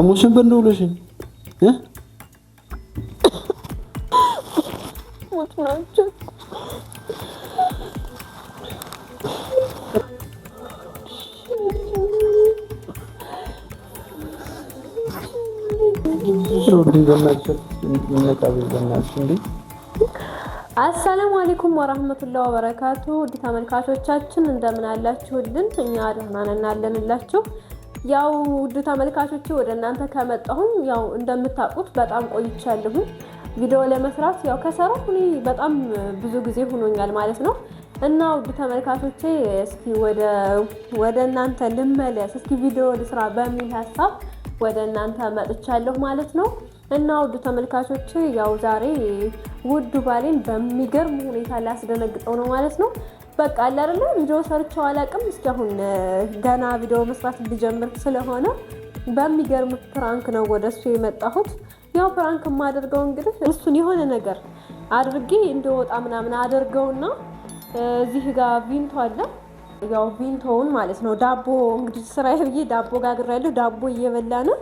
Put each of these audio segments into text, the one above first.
አሞሽ ነበር እንደው ብሎሽኝ እ አሰላሙ አለይኩም ወራህመቱላሂ ወበረካቱ። ውድ ተመልካቾቻችን እንደምን አላችሁልን? እኛ ደህና ነን አለንላችሁ። ያው ውድ ተመልካቾች ወደ እናንተ ከመጣሁም ያው እንደምታውቁት በጣም ቆይቻለሁ። ቪዲዮ ለመስራት ያው ከሰራሁ እኔ በጣም ብዙ ጊዜ ሆኖኛል ማለት ነው። እና ውድ ተመልካቾቼ እስኪ ወደ ወደ እናንተ ልመለስ፣ እስኪ ቪዲዮ ልስራ በሚል ሀሳብ ወደ እናንተ መጥቻለሁ ማለት ነው። እና ውድ ተመልካቾቼ ያው ዛሬ ውድ ባሌን በሚገርም ሁኔታ ላስደነግጠው ነው ማለት ነው። በቃ አለ አይደለ ቪዲዮ ሰርቼው አላውቅም። እስኪ አሁን ገና ቪዲዮ መስራት እንዲጀምር ስለሆነ በሚገርም ፕራንክ ነው ወደ እሱ የመጣሁት። ያው ፕራንክ የማደርገው እንግዲህ እሱን የሆነ ነገር አድርጌ እንደወጣ ምናምን አደርገውና እዚህ ጋር ቪንቶ አለ። ያው ቪንቶውን ማለት ነው ዳቦ እንግዲህ ስራ ብዬ ዳቦ ጋግሬያለሁ። ዳቦ እየበላ ነው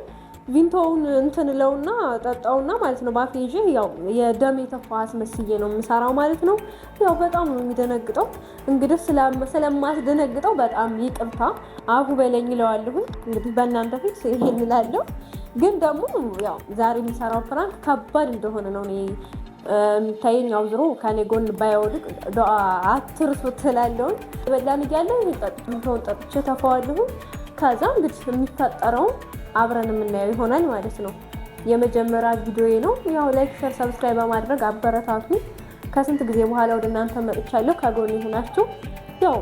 ቪንቶውን እንትን ለውና ጠጣውና ማለት ነው ባፌ ይዤ ያው የደም የተፋ መስዬ ነው የምሰራው ማለት ነው። ያው በጣም ነው የሚደነግጠው። እንግዲህ ስለማስደነግጠው በጣም ይቅርታ አፉ በለኝ እለዋለሁ። እንግዲህ በእናንተ ፊት ይሄን እላለሁ። ግን ደግሞ ያው ዛሬ የሚሰራው ፕራንክ ከባድ እንደሆነ ነው እኔ የምታየኝ። ያው ዞሮ ከኔ ጎን ባይወድቅ ዱአ አትርሱት እላለሁ። በላን እያለ ቪንቶውን ጠጥቼ ተፋዋለሁ። ከዛ እንግዲህ የሚፈጠረው አብረን የምናየው ይሆናል ማለት ነው። የመጀመሪያ ቪዲዮዬ ነው። ያው ላይክ፣ ሸር፣ ሰብስክራይብ በማድረግ አበረታቱ። ከስንት ጊዜ በኋላ ወደ እናንተ መጥቻለሁ። ከጎን ይሁናችሁ ያው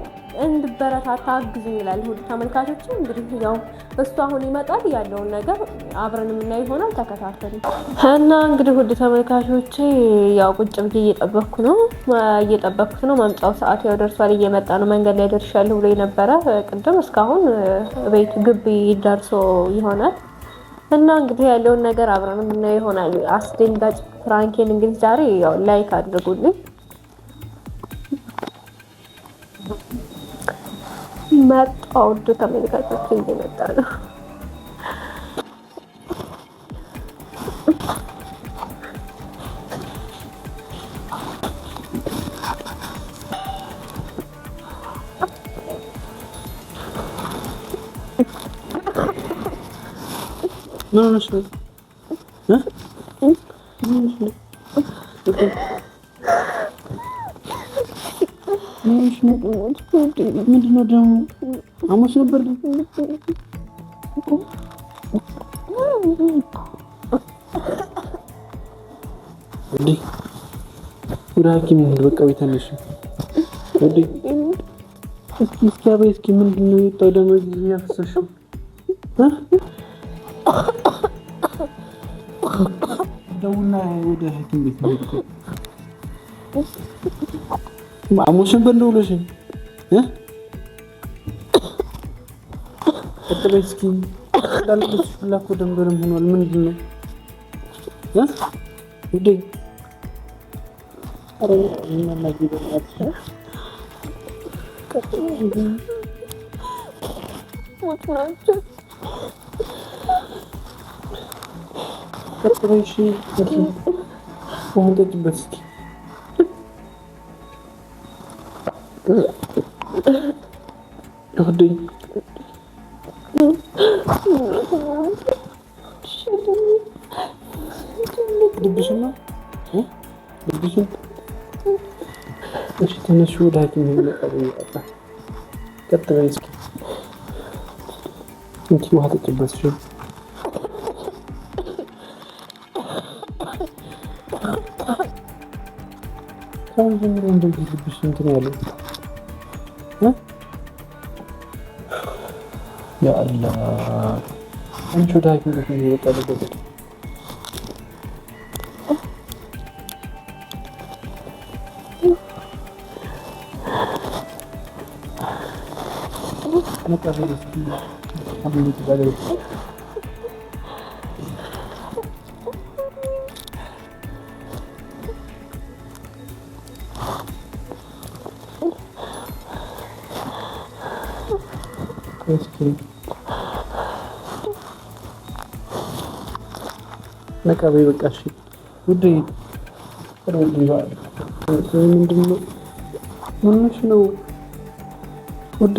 እንድበረታታ አግዙ ይላል። ውድ ተመልካቾች እንግዲህ ያው እሱ አሁን ይመጣል ያለውን ነገር አብረን የምናየው ይሆናል። ተከታተሉ እና እንግዲህ ውድ ተመልካቾች ያው ቁጭ ብዬ እየጠበኩ ነው እየጠበኩት ነው። መምጫው ሰዓት ያው ደርሷል። እየመጣ ነው። መንገድ ላይ ደርሻለሁ ብሎ የነበረ ቅድም እስካሁን ቤት ግቢ ደርሶ ይሆናል እና እንግዲህ ያለውን ነገር አብረን የምናየው ይሆናል። አስደንጋጭ ፍራንኬን እንግዲህ ዛሬ ያው ላይክ አድርጉልኝ። Mert Avrupa Amerika'da kendi metarı. No, no, no. ምንድነው ደግሞ ሐሙስ ነበር እንዴ? ወደ ሐኪም እንሂድ በቃ ቤተነሱ እንዴ። እስኪ እስኪ አበይ እስኪ ምንድነው የወጣው ደመወዝ እያፈሰሽው ደውና ወደ ሐኪም ቤት ነው አሞሽን በእንደ ውሎሽን ቀጥሎች እስኪ ላለች ሁላ እኮ ሆኗል። ምንድን ነው ውዴ? ቀጥሎች ውሃ እንጠጭበት እስኪ Hein je suis Je suis Ya Allah. An cuta ki da kuma ya da gudu. Na ƙarfi da su abin da ke ba da Thank you. ነቃ በይ በቃ እሺ ውዴ ምንድን ነው ምንሽ ነው ውዴ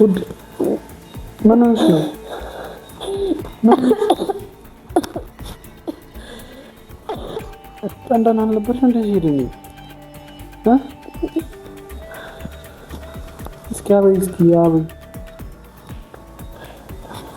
ውዴ ምንሽ ነው ጠንደን አልነበርሽ እንደዚህ ሄደኝ እስኪ አበይ እስኪ አበይ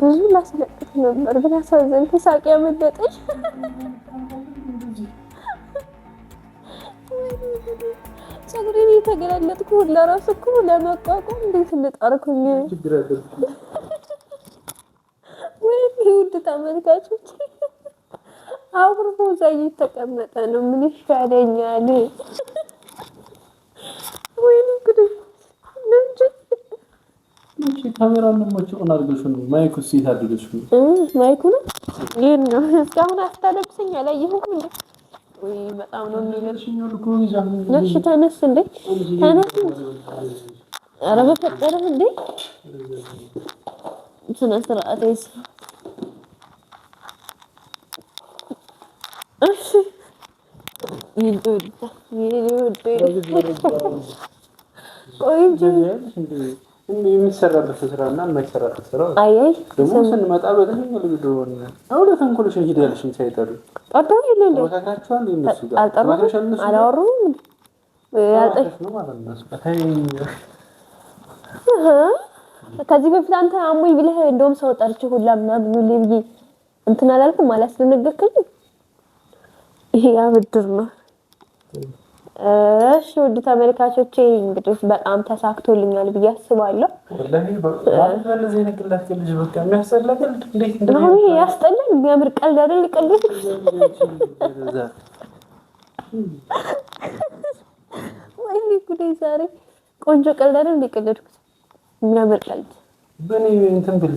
ብዙ ላስለቅት ነበር ግን አሳዘን ተሳቂ ያመለጠኝ። ፀጉሬን የተገላለጥኩ ሁላ ራሱ እኮ ለመቋቋም እንዴት እንጣርኩኝ። ወይም ውድ ተመልካቾች አብርቦ ዛይ እየተቀመጠ ነው። ምን ይሻለኛል? ካሜራ እንደሞቸው አድርገሽው ነው ማይኩ ሴት አድርገሽው ነው ማይኩ ነው ይሄን ነው እስካሁን አስታለብሰኝ አላየሁም እንዴ ወይ በጣም ነው የሚለሽኝ ልኩ ነሽ ተነስ እንዴ ተነስ ኧረ በፈጠረህ እንዴ ስነ ስርዓት ይስ እሺ ይልጥ ይልጥ ቆይ እንጂ የሚሰራበት ስራ እና የማይሰራበት ስራ ደግሞ ስንመጣ በጣም ልምድ ሆነ። አሁን ተንኮልሽን ሳይጠሩ ከዚህ በፊት አንተ አሞኝ ብለህ እንደውም ሰው ሁላ ምናምን ብዬ ብዬ እንትን አላልኩም። አላስደነገርከኝም። ይሄ ያ ብድር ነው። እሺ ውድ ተመልካቾቼ እንግዲህ በጣም ተሳክቶልኛል ብዬ አስባለሁ። ያስጠላል። የሚያምር ቀልድ አይደል? ቀልድ ወይኔ ጉዴ! ዛሬ ቆንጆ ቀልድ አይደል? ቀለድኩት። የሚያምር ቀልድ ምን አድርጌ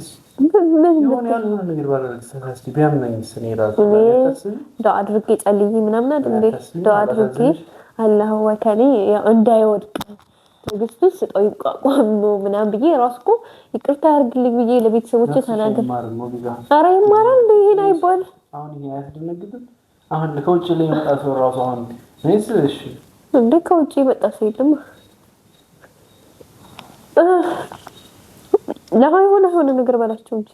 ጸልዬ ምናምን አይደል? አድርጌ አላህ ወከሌ እንዳይወድቅ ትዕግስቱ ስጠው ይቋቋም ነው ምናምን ብዬ ራስኩ ይቅርታ ያርግልኝ ብዬ ለቤተሰቦች ተናገር። አረ ይማራል ይሄን አይባል። አሁን ከውጭ ላይ የመጣ ሰው ራሱ አሁን እንደ ከውጭ የመጣ ሰው የለም። ለሆነ የሆነ የሆነ ነገር በላቸው እንጂ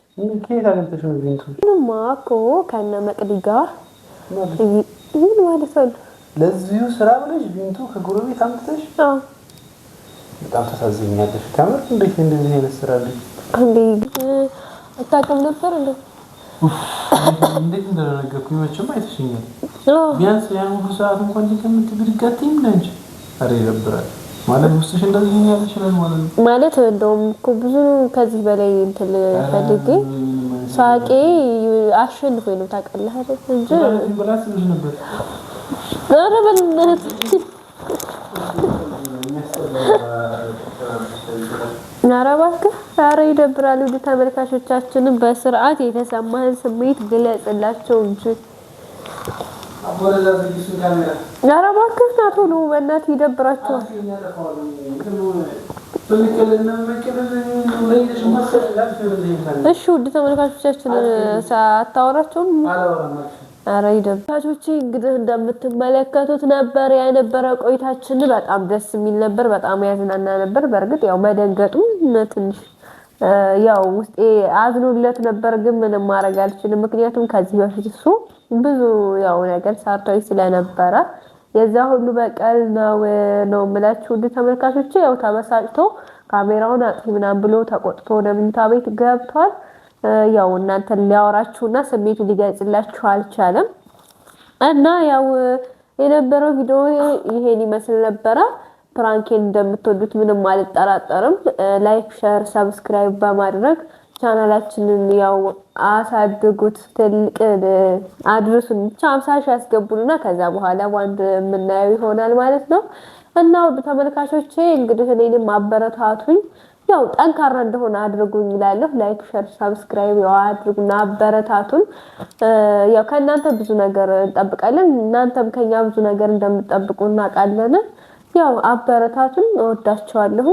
ምንም እኮ ከነ መቅዲ ጋር ምን ማለት ነው ለዚሁ ስራ ብለሽ ቢንቱ ከጎረቤት አምጥተሽ በጣም ተሳዝኛለሽ። ከምር እንዴት እንደዚህ አይነት ስራ ልጅ እንዴ አታውቅም ነበር እንዴ? እንዴት እንደደነገርኩኝ መቼም አይተሽኛል። ቢያንስ ያን ሁሉ ሰዓት እንኳን ከምትግድጋትኝ ለንች አረ ይደብራል ማለት ውስጥሽ እንደዚህ ኛ ይችላል ማለት ነው። ማለት እንደውም እኮ ብዙ ከዚህ በላይ እንትን ፈልጌ ሳቄ አሸንፎኝ ነው ታውቃለህ አይደል እንጂ ብላ ትንሽ ነበር ኧረ በእናትህ ኧረ እባክህ ኧረ ይደብራል። ውድ ተመልካቾቻችንም በስርዓት የተሰማህን ስሜት ግለጽላቸው እንጂ ኧረ እባክህ ና ቶሎ በእናትህ ይደብራቸዋል። እሺ ውድ ተመልካቾቻችን አታወራቸውም? አረ ይደብታቾቼ እንግዲህ እንደምትመለከቱት ነበር የነበረ ቆይታችን። በጣም ደስ የሚል ነበር፣ በጣም ያዝናና ነበር። በእርግጥ ያው መደንገጡ ትንሽ ያው ውስጤ አዝኖለት ነበር፣ ግን ምንም ማድረግ አልችልም። ምክንያቱም ከዚህ በፊት እሱ ብዙ ያው ነገር ሳርታዊ ስለነበረ የዛ ሁሉ በቀል ነው ነው የምላችሁ ውድ ተመልካቾች ያው ተበሳጭቶ ካሜራውን አጥፊ ምናምን ብሎ ተቆጥቶ ወደ ምኝታ ቤት ገብቷል። ያው እናንተን ሊያወራችሁና ስሜቱ ሊገልጽላችሁ አልቻለም። እና ያው የነበረው ቪዲዮ ይሄን ይመስል ነበረ። ፕራንኬን እንደምትወዱት ምንም አልጠራጠርም። ላይክ፣ ሸር፣ ሰብስክራይብ በማድረግ ቻናላችንን ያው አሳድጉት፣ ትልቅ አድርሱን። ብቻ አምሳ ሺ ያስገቡንና ከዛ በኋላ ዋንድ የምናየው ይሆናል ማለት ነው። እና ውድ ተመልካቾቼ እንግዲህ እኔንም አበረታቱኝ። ያው ጠንካራ እንደሆነ አድርጉኝ ይላለሁ። ላይክ ሸር፣ ሳብስክራይብ ያው አድርጉና አበረታቱን። ያው ከእናንተ ብዙ ነገር እንጠብቃለን። እናንተም ከኛ ብዙ ነገር እንደምጠብቁ እናውቃለን። ያው አበረታቱን። እወዳቸዋለሁ።